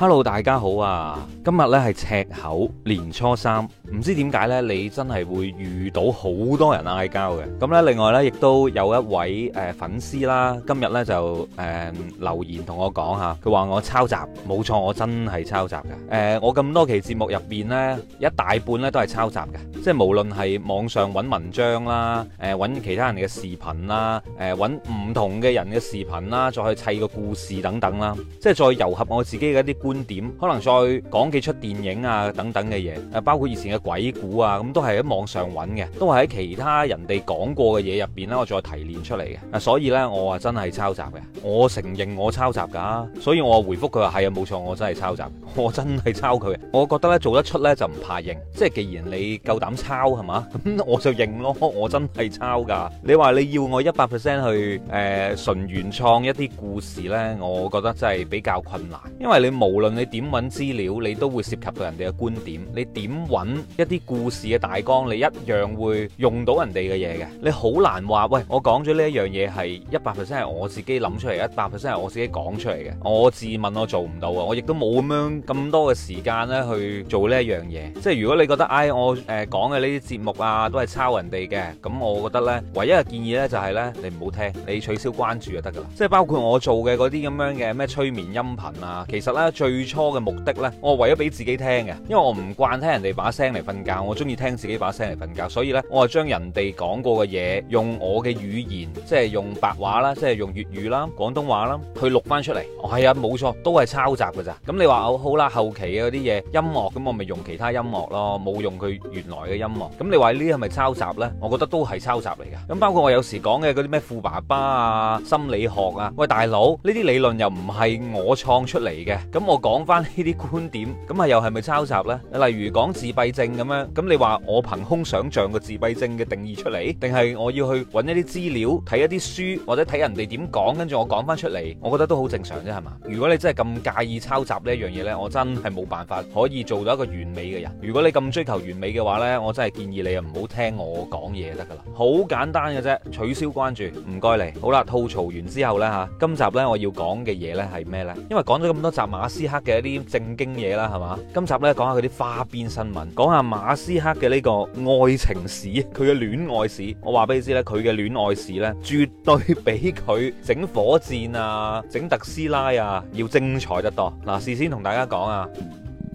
Hello，大家好啊！今日咧係赤口年初三，唔知點解咧，你真係會遇到好多人嗌交嘅。咁咧，另外咧，亦都有一位誒、呃、粉絲啦，今日咧就誒、呃、留言同我講嚇，佢話我抄襲，冇錯，我真係抄襲嘅。誒、呃，我咁多期節目入邊咧，一大半咧都係抄襲嘅，即係無論係網上揾文章啦，誒、呃、揾其他人嘅視頻啦，誒揾唔同嘅人嘅視頻啦，再去砌個故事等等啦，即係再糅合我自己嘅啲。觀點可能再講幾出電影啊等等嘅嘢，誒包括以前嘅鬼故啊，咁都係喺網上揾嘅都係喺其他人哋講過嘅嘢入邊呢，我再提煉出嚟嘅啊，所以呢，我話真係抄襲嘅，我承認我抄襲噶所以我回覆佢話係啊，冇錯，我真係抄襲，我真係抄佢。我覺得呢，做得出呢就唔怕認，即係既然你夠膽抄係嘛，咁 我就認咯，我真係抄噶你話你要我一百 percent 去誒、呃、純原創一啲故事呢，我覺得真係比較困難，因為你冇。無論你點揾資料，你都會涉及到人哋嘅觀點。你點揾一啲故事嘅大綱，你一樣會用到人哋嘅嘢嘅。你好難話，喂，我講咗呢一樣嘢係一百 percent 係我自己諗出嚟，一百 percent 係我自己講出嚟嘅。我自問我做唔到啊，我亦都冇咁樣咁多嘅時間咧去做呢一樣嘢。即係如果你覺得，唉、哎，我誒講嘅呢啲節目啊，都係抄,抄人哋嘅，咁我覺得呢唯一嘅建議呢就係呢：你唔好聽，你取消關注就得噶啦。即係包括我做嘅嗰啲咁樣嘅咩催眠音頻啊，其實呢。最。最初嘅目的呢，我係為咗俾自己聽嘅，因為我唔慣聽人哋把聲嚟瞓覺，我中意聽自己把聲嚟瞓覺，所以呢，我係將人哋講過嘅嘢，用我嘅語言，即係用白話啦，即係用粵語啦、廣東話啦，去錄翻出嚟。係啊，冇錯，都係抄襲噶咋。咁你話好啦，後期嗰啲嘢音樂，咁我咪用其他音樂咯，冇用佢原來嘅音樂。咁你話呢啲係咪抄襲呢？我覺得都係抄襲嚟噶。咁包括我有時講嘅嗰啲咩富爸爸啊、心理學啊，喂大佬，呢啲理論又唔係我創出嚟嘅，咁。我講翻呢啲觀點，咁啊又係咪抄襲呢？例如講自閉症咁樣，咁你話我憑空想象個自閉症嘅定義出嚟，定係我要去揾一啲資料睇一啲書，或者睇人哋點講，跟住我講翻出嚟，我覺得都好正常啫，係嘛？如果你真係咁介意抄襲呢樣嘢呢，我真係冇辦法可以做到一個完美嘅人。如果你咁追求完美嘅話呢，我真係建議你啊唔好聽我講嘢得噶啦，好簡單嘅啫，取消關注，唔該你。好啦，吐槽完之後呢，吓，今集呢我要講嘅嘢呢係咩呢？因為講咗咁多集馬。斯克嘅一啲正經嘢啦，係嘛？今集呢講下佢啲花邊新聞，講下馬斯克嘅呢個愛情史，佢嘅戀愛史。我話俾你知呢，佢嘅戀愛史呢，絕對比佢整火箭啊、整特斯拉啊要精彩得多。嗱，事先同大家講啊。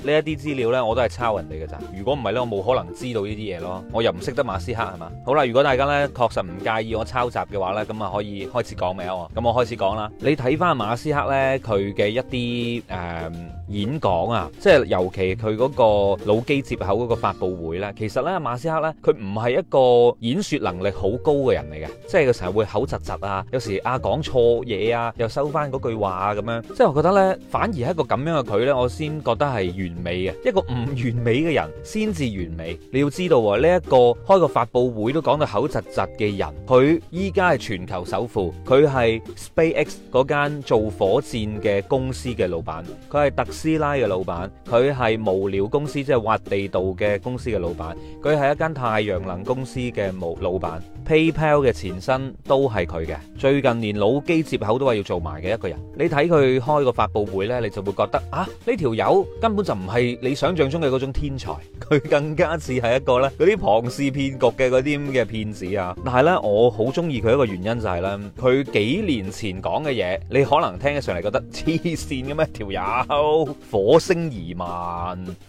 呢一啲資料呢，我都係抄人哋嘅咋。如果唔係呢，我冇可能知道呢啲嘢咯。我又唔識得馬斯克係嘛？好啦，如果大家呢確實唔介意我抄襲嘅話呢，咁啊可以開始講咩。咁我，我開始講啦。你睇翻馬斯克呢，佢嘅一啲誒。呃演講啊，即係尤其佢嗰個腦機接口嗰個發佈會呢，其實呢，馬斯克呢，佢唔係一個演說能力好高嘅人嚟嘅，即係佢成日會口窒窒啊，有時啊講錯嘢啊，又收翻嗰句話咁、啊、樣，即係我覺得呢，反而係一個咁樣嘅佢呢。我先覺得係完美嘅，一個唔完美嘅人先至完美。你要知道喎、啊，呢、這、一個開個發佈會都講到口窒窒嘅人，佢依家係全球首富，佢係 SpaceX 嗰間做火箭嘅公司嘅老闆，佢係特。斯拉嘅老闆，佢係無聊公司，即係挖地道嘅公司嘅老闆。佢係一間太陽能公司嘅老闆，PayPal 嘅前身都係佢嘅。最近連腦機接口都話要做埋嘅一個人。你睇佢開個發布會呢，你就會覺得啊，呢條友根本就唔係你想象中嘅嗰種天才，佢更加似係一個呢嗰啲龐氏騙局嘅嗰啲咁嘅騙子啊！但係呢，我好中意佢一個原因就係、是、呢，佢幾年前講嘅嘢，你可能聽起上嚟覺得黐線咁咩條友。火星移民、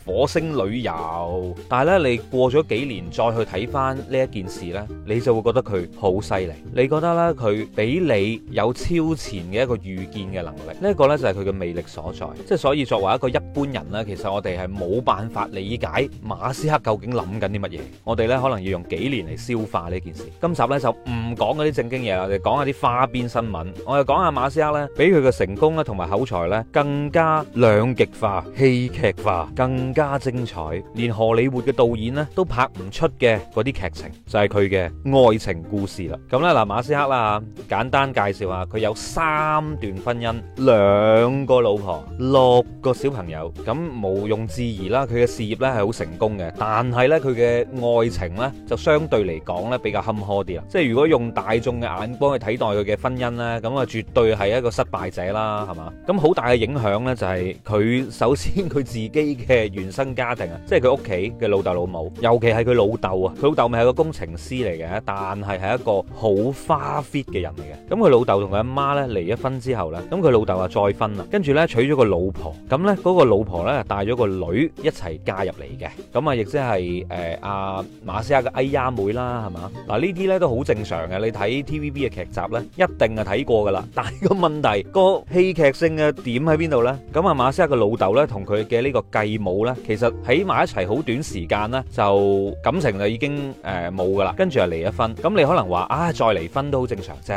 火星旅遊，但係咧，你過咗幾年再去睇翻呢一件事呢，你就會覺得佢好犀利。你覺得呢，佢比你有超前嘅一個預見嘅能力，這個、呢一個咧就係佢嘅魅力所在。即係所以，作為一個一般人呢，其實我哋係冇辦法理解馬斯克究竟諗緊啲乜嘢。我哋呢，可能要用幾年嚟消化呢件事。今集呢，就唔講嗰啲正經嘢啦，我哋講下啲花邊新聞。我又講下馬斯克呢，俾佢嘅成功咧，同埋口才呢，更加亮，極化、戲劇化，更加精彩，連荷里活嘅導演咧都拍唔出嘅嗰啲劇情，就係佢嘅愛情故事啦。咁咧嗱，馬斯克啦吓，簡單介紹下，佢有三段婚姻，兩個老婆，六個小朋友。咁無庸置疑啦，佢嘅事業咧係好成功嘅。但係呢，佢嘅愛情呢，就相對嚟講呢，比較坎坷啲啦。即係如果用大眾嘅眼光去睇待佢嘅婚姻呢，咁啊絕對係一個失敗者啦，係嘛？咁好大嘅影響呢，就係佢佢首先佢自己嘅原生家庭啊，即係佢屋企嘅老豆老母，尤其係佢老豆啊，佢老豆咪係個工程師嚟嘅，但係係一個好花弗嘅人嚟嘅。咁佢老豆同佢阿媽咧離咗婚之後咧，咁佢老豆啊再婚啦，跟住咧娶咗個老婆，咁咧，嗰個老婆咧帶咗個女一齊嫁入嚟嘅，咁，就是呃、啊亦即係誒阿馬西亞嘅哎呀妹啦，係嘛？嗱呢啲咧都好正常嘅，你睇 TVB 嘅劇集咧一定係睇過噶啦。但係個問題，這個戲劇性嘅點喺邊度咧？咁啊馬斯亞。個老豆咧同佢嘅呢個繼母咧，其實喺埋一齊好短時間啦，就感情就已經誒冇噶啦，跟住又離咗婚。咁你可能話啊，再離婚都好正常啫。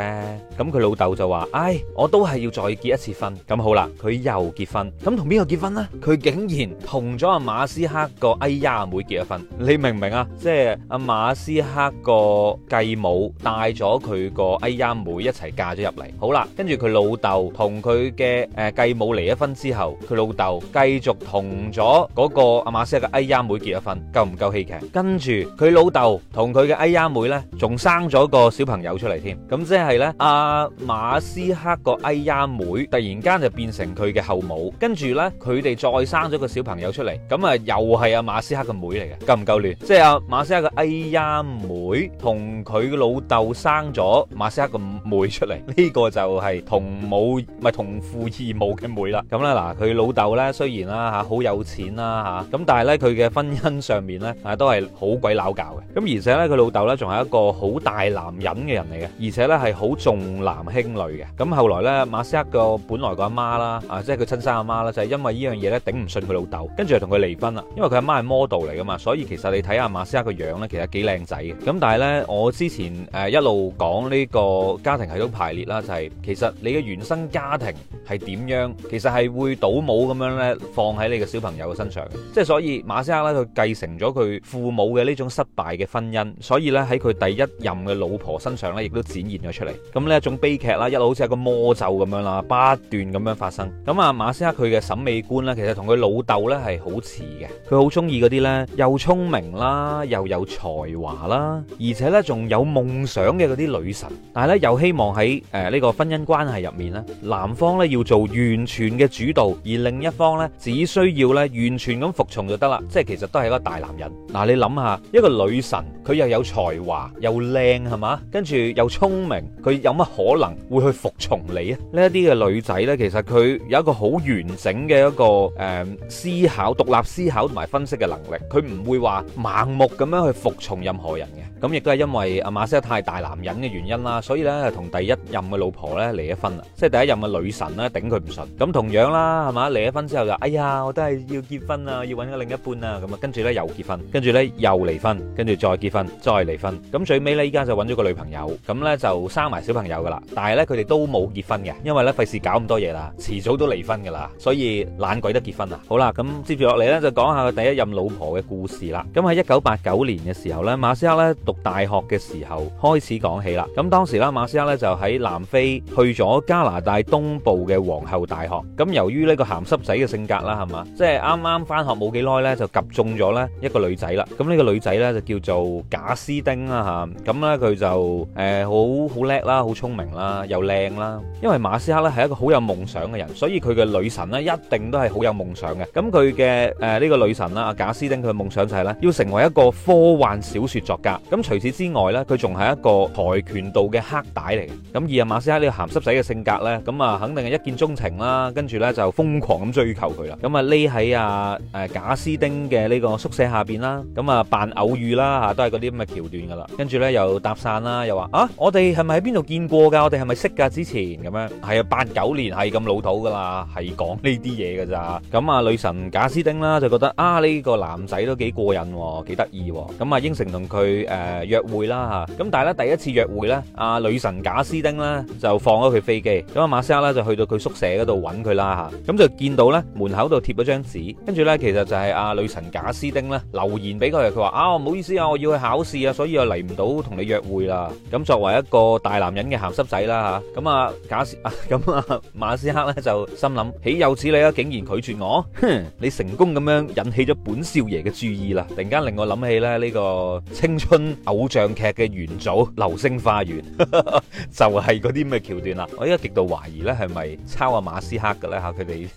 咁佢老豆就話：哎，我都係要再結一次婚。咁好啦，佢又結婚。咁同邊個結婚咧？佢竟然同咗阿馬斯克個哎呀妹結咗婚。你明唔明啊？即係阿馬斯克個繼母帶咗佢個哎呀妹一齊嫁咗入嚟。好啦，跟住佢老豆同佢嘅誒繼母離咗婚之後，佢。老豆繼續同咗嗰個阿馬斯克嘅阿姨妹結咗婚，夠唔夠戲劇？跟住佢老豆同佢嘅阿姨妹呢，仲生咗個小朋友出嚟添。咁、嗯、即係呢，阿、啊、馬斯克個阿姨妹突然間就變成佢嘅後母，跟住呢，佢哋再生咗個小朋友出嚟。咁、嗯、啊，又係阿、啊、馬斯克嘅妹嚟嘅，夠唔夠亂？即係阿、啊、馬斯克嘅阿姨妹同佢老豆生咗馬斯克個妹出嚟，呢、這個就係同母咪同父異母嘅妹呢啦。咁咧嗱，佢。老豆呢，雖然啦嚇好有錢啦嚇，咁但係呢，佢嘅婚姻上面呢，啊都係好鬼撈搞嘅。咁而且呢，佢老豆呢，仲係一個好大男人嘅人嚟嘅，而且呢，係好重男輕女嘅。咁後來呢，馬斯克個本來個阿媽啦，啊即係佢親生阿媽啦，就係因為呢樣嘢呢，頂唔順佢老豆，跟住就同佢離婚啦。因為佢阿媽係 model 嚟噶嘛，所以其實你睇下馬斯克個樣呢，其實幾靚仔嘅。咁但係呢，我之前誒一路講呢個家庭系統排列啦，就係其實你嘅原生家庭係點樣，其實係會倒。冇咁樣咧，放喺你嘅小朋友嘅身上，即係所以馬斯克咧，佢繼承咗佢父母嘅呢種失敗嘅婚姻，所以咧喺佢第一任嘅老婆身上咧，亦都展現咗出嚟。咁、嗯、呢一種悲劇啦，一路好似一個魔咒咁樣啦，不斷咁樣發生。咁、嗯、啊，馬斯克佢嘅審美觀咧，其實同佢老豆咧係好似嘅，佢好中意嗰啲咧又聰明啦，又有才華啦，而且咧仲有夢想嘅嗰啲女神。但係咧又希望喺誒呢個婚姻關係入面咧，男方咧要做完全嘅主導，另一方呢，只需要呢完全咁服從就得啦，即係其實都係一個大男人。嗱，你諗下，一個女神，佢又有才華，又靚係嘛，跟住又聰明，佢有乜可能會去服從你啊？呢一啲嘅女仔呢，其實佢有一個好完整嘅一個誒思考、獨立思考同埋分析嘅能力，佢唔會話盲目咁樣去服從任何人嘅。咁亦都係因為阿馬斯太大男人嘅原因啦，所以呢同第一任嘅老婆呢離咗婚啦，即係第一任嘅女神呢頂佢唔順。咁同樣啦，係嘛？離咗婚之後就，哎呀，我都係要結婚啊，要搵個另一半啊，咁啊，跟住咧又結婚，跟住咧又離婚，跟住再結婚，再離婚，咁最尾咧依家就搵咗個女朋友，咁咧就生埋小朋友噶啦，但係咧佢哋都冇結婚嘅，因為咧費事搞咁多嘢啦，遲早都離婚噶啦，所以懶鬼得結婚啦。好啦，咁接住落嚟咧就講下佢第一任老婆嘅故事啦。咁喺一九八九年嘅時候咧，馬斯克咧讀大學嘅時候開始講起啦。咁當時咧馬斯克咧就喺南非去咗加拿大東部嘅皇后大學，咁由於呢個行。鹹濕仔嘅性格啦，係嘛，即係啱啱翻學冇幾耐咧，就及中咗咧一個女仔啦。咁呢個女仔咧就叫做賈斯丁啦，吓，咁咧佢就誒好好叻啦，好聰明啦，又靚啦。因為馬斯克咧係一個好有夢想嘅人，所以佢嘅女神咧一定都係好有夢想嘅。咁佢嘅誒呢個女神啦，賈斯丁佢嘅夢想就係咧要成為一個科幻小說作家。咁除此之外咧，佢仲係一個跆拳道嘅黑帶嚟嘅。咁而阿馬斯克呢個鹹濕仔嘅性格咧，咁啊肯定係一見鍾情啦，跟住咧就瘋狂。狂咁追求佢啦，咁啊匿喺阿誒賈斯丁嘅呢個宿舍下邊啦，咁啊扮偶遇啦嚇，都係嗰啲咁嘅橋段㗎啦，跟住咧又搭訕啦，又話啊，我哋係咪喺邊度見過㗎？我哋係咪識㗎？之前咁樣係啊，八九年係咁老土㗎啦，係講呢啲嘢㗎咋，咁啊女神賈斯丁啦就覺得啊呢個男仔都幾過癮喎，幾得意喎，咁啊應承同佢誒約會啦嚇，咁但係咧第一次約會咧，阿女神賈斯丁咧就放咗佢飛機，咁啊馬斯克咧就去到佢宿舍嗰度揾佢啦嚇，咁就。見到咧，門口度貼咗張紙，跟住咧其實就係阿女神賈斯丁咧留言俾佢，佢話啊唔好意思啊，我要去考試啊，所以我嚟唔到同你約會啦。咁作為一個大男人嘅鹹濕仔啦嚇，咁啊賈斯咁啊馬斯克咧就心諗：豈有此理啊！竟然拒絕我，哼！你成功咁樣引起咗本少爺嘅注意啦。突然間令我諗起咧呢個青春偶像劇嘅元祖《流星花園》，就係嗰啲咁嘅橋段啦。我而家極度懷疑咧係咪抄阿馬斯克嘅咧嚇，佢哋。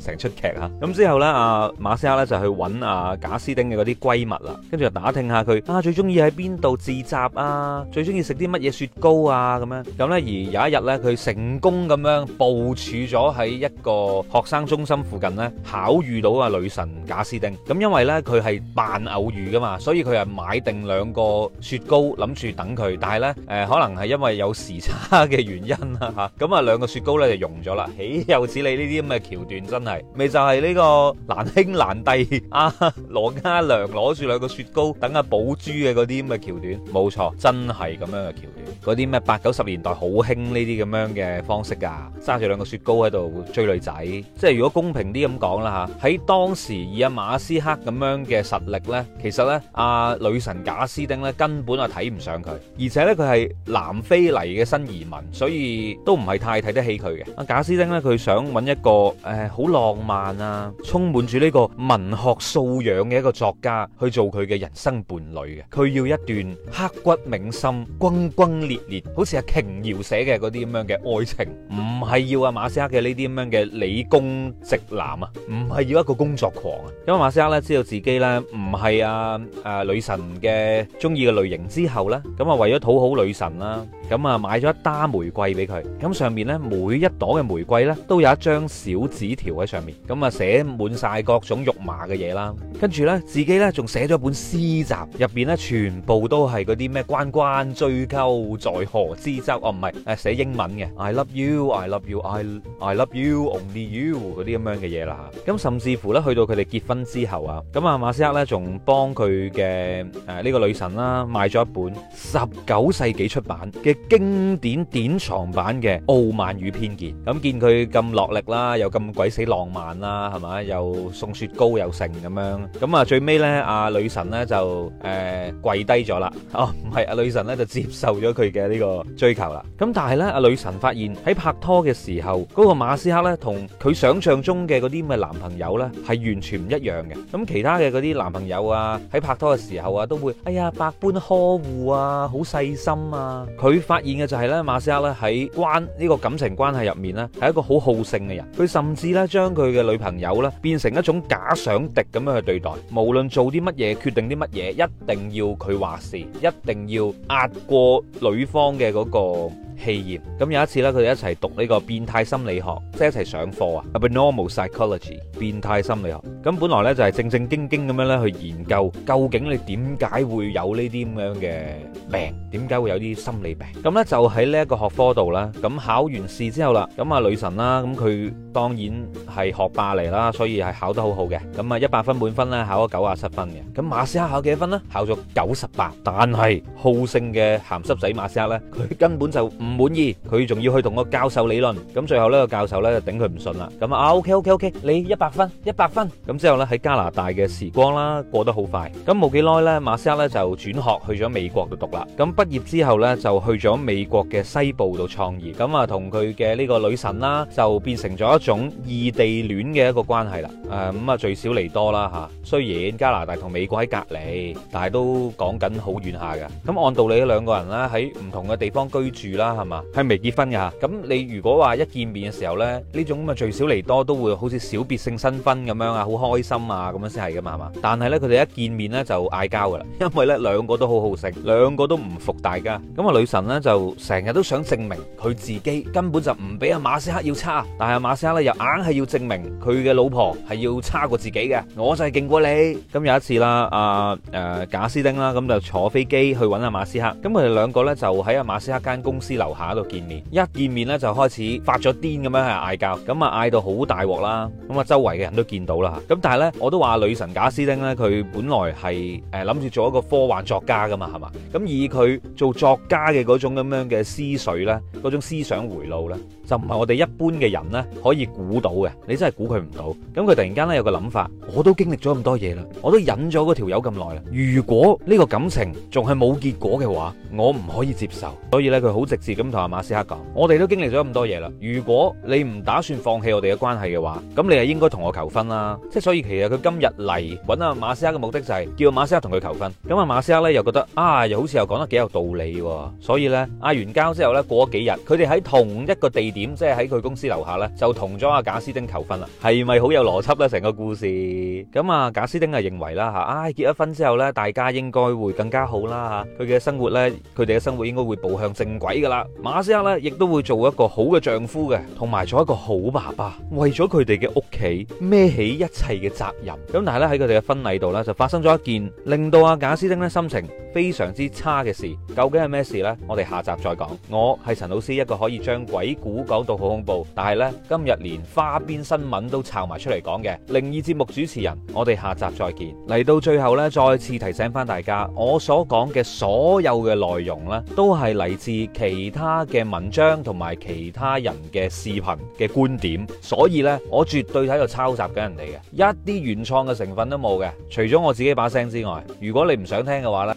成，成出劇啊，咁、嗯、之後咧，阿、啊、馬斯克咧就去搵阿賈斯丁嘅嗰啲閨蜜啦，跟住就打聽下佢啊，最中意喺邊度自習啊，最中意食啲乜嘢雪糕啊咁樣。咁、嗯、咧而有一日咧，佢成功咁樣部署咗喺一個學生中心附近咧，巧遇到阿女神賈斯丁。咁、嗯、因為咧佢係扮偶遇噶嘛，所以佢係買定兩個雪糕諗住等佢。但係咧，誒、呃、可能係因為有時差嘅原因啦吓，咁啊兩個雪糕咧就融咗啦。豈有此理呢啲咁嘅橋橋段真係咪就係、是、呢個難兄難弟啊羅家良攞住兩個雪糕等阿、啊、寶珠嘅嗰啲咁嘅橋段，冇錯，真係咁樣嘅橋段。嗰啲咩八九十年代好興呢啲咁樣嘅方式噶、啊，揸住兩個雪糕喺度追女仔。即係如果公平啲咁講啦吓，喺當時以阿馬斯克咁樣嘅實力呢，其實呢，阿、啊、女神賈斯丁呢根本就睇唔上佢，而且呢，佢係南非嚟嘅新移民，所以都唔係太睇得起佢嘅。阿賈斯丁呢，佢想揾一個。誒，好浪漫啊！充滿住呢個文學素養嘅一個作家，去做佢嘅人生伴侶嘅，佢要一段刻骨銘心、轟轟烈烈，好似係瓊瑤寫嘅嗰啲咁樣嘅愛情，唔係要阿馬斯克嘅呢啲咁樣嘅理工直男啊，唔係要一個工作狂啊。咁阿馬斯克咧知道自己咧唔係阿誒女神嘅中意嘅類型之後咧，咁啊為咗討好女神啦，咁啊買咗一打玫瑰俾佢，咁上面咧每一朵嘅玫瑰咧都有一張小。紙條喺上面，咁啊寫滿晒各種肉麻嘅嘢啦，跟住咧自己咧仲寫咗本詩集，入邊咧全部都係啲咩關關雎鳩在河之洲哦，唔係誒寫英文嘅 I love you, I love you, I love you, I love you only you 嗰啲咁樣嘅嘢啦嚇，咁、嗯、甚至乎咧去到佢哋結婚之後啊，咁啊馬斯克咧仲幫佢嘅誒呢、呃這個女神啦、啊、買咗一本十九世紀出版嘅經典典藏版嘅《傲慢與偏見》。咁見佢咁落力啦，又咁鬼死浪漫啦，係咪？又送雪糕又剩咁樣，咁啊最尾呢，阿女神呢就誒跪低咗啦。哦，唔係阿女神呢就接受咗佢嘅呢個追求啦。咁但係呢，阿女神發現喺拍拖嘅時候，嗰個馬斯克呢同佢想象中嘅嗰啲咪男朋友呢係完全唔一樣嘅。咁其他嘅嗰啲男朋友啊，喺拍拖嘅時候啊，都會哎呀百般呵護啊，好細心啊。佢發現嘅就係呢，馬斯克呢喺關呢個感情關係入面呢，係一個好好勝嘅人，佢甚甚至咧，將佢嘅女朋友咧變成一種假想敵咁樣去對待，無論做啲乜嘢、決定啲乜嘢，一定要佢話事，一定要壓過女方嘅嗰個。氣焰。咁有一次咧，佢哋一齊讀呢個變態心理學，即係一齊上課啊。Abnormal psychology，變態心理學。咁本來咧就係正正經經咁樣咧去研究究竟你點解會有呢啲咁樣嘅病，點解會有啲心理病。咁咧就喺呢一個學科度啦。咁考完試之後啦，咁啊女神啦，咁佢當然係學霸嚟啦，所以係考得好好嘅。咁啊一百分滿分咧，考咗九十七分嘅。咁馬斯克考幾多分咧？考咗九十八。但係好勝嘅鹹濕仔馬斯克咧，佢根本就唔～唔滿意，佢仲要去同個教授理論，咁最後呢個教授呢就頂佢唔順啦，咁啊，OK OK OK，你一百分一百分。咁之後呢，喺加拿大嘅時光啦，過得好快，咁冇幾耐呢，馬斯克呢就轉學去咗美國度讀啦，咁畢業之後呢就去咗美國嘅西部度創業，咁啊同佢嘅呢個女神啦，就變成咗一種異地戀嘅一個關係啦，誒咁啊聚少離多啦吓，雖然加拿大同美國喺隔籬，但係都講緊好遠下噶，咁按道理兩個人呢喺唔同嘅地方居住啦。係嘛，係未結婚噶，咁你如果話一見面嘅時候咧，呢種咁啊聚少離多都會好似小別勝新婚咁樣啊，好開心啊，咁樣先係嘅嘛，係嘛。但係咧佢哋一見面咧就嗌交噶啦，因為咧兩個都好好勝，兩個都唔服大家。咁啊女神咧就成日都想證明佢自己根本就唔比阿馬斯克要差，但係阿馬斯克咧又硬係要證明佢嘅老婆係要差過自己嘅，我就係勁過你。咁有一次啦，阿誒賈斯汀啦，咁就坐飛機去搵阿馬斯克，咁佢哋兩個咧就喺阿馬斯克間公司樓樓下度見面，一見面咧就開始發咗癲咁樣去嗌交，咁啊嗌到好大鑊啦，咁啊周圍嘅人都見到啦，咁但係呢，我都話女神賈斯汀呢，佢本來係誒諗住做一個科幻作家噶嘛，係嘛，咁以佢做作家嘅嗰種咁樣嘅思緒呢，嗰種思想回路呢。就唔係我哋一般嘅人咧，可以估到嘅，你真係估佢唔到。咁佢突然間咧有個諗法，我都經歷咗咁多嘢啦，我都忍咗嗰條友咁耐啦。如果呢個感情仲係冇結果嘅話，我唔可以接受。所以咧，佢好直接咁同阿馬斯克講：我哋都經歷咗咁多嘢啦。如果你唔打算放棄我哋嘅關係嘅話，咁你係應該同我求婚啦。即係所以其實佢今日嚟揾阿馬斯克嘅目的就係叫馬斯克同佢求婚。咁阿馬斯克咧又覺得啊，又好似又講得幾有道理喎。所以呢，嗌完交之後咧，過咗幾日，佢哋喺同一個地點，即係喺佢公司樓下咧，就同咗阿賈斯丁求婚啦，係咪好有邏輯咧？成個故事咁啊，賈斯丁啊認為啦吓，唉，結咗婚之後咧，大家應該會更加好啦吓，佢嘅生活咧，佢哋嘅生活應該會步向正軌噶啦。馬斯克咧亦都會做一個好嘅丈夫嘅，同埋做一個好爸爸，為咗佢哋嘅屋企，孭起一切嘅責任。咁但係咧喺佢哋嘅婚禮度咧，就發生咗一件令到阿賈斯丁咧心情非常之差嘅事。究竟係咩事咧？我哋下集再講。我係陳老師，一個可以將鬼故。講到好恐怖，但係呢今日連花邊新聞都抄埋出嚟講嘅靈異節目主持人，我哋下集再見。嚟到最後呢，再次提醒翻大家，我所講嘅所有嘅內容呢，都係嚟自其他嘅文章同埋其他人嘅視頻嘅觀點，所以呢，我絕對喺度抄襲緊人哋嘅，一啲原創嘅成分都冇嘅，除咗我自己把聲之外。如果你唔想聽嘅話呢，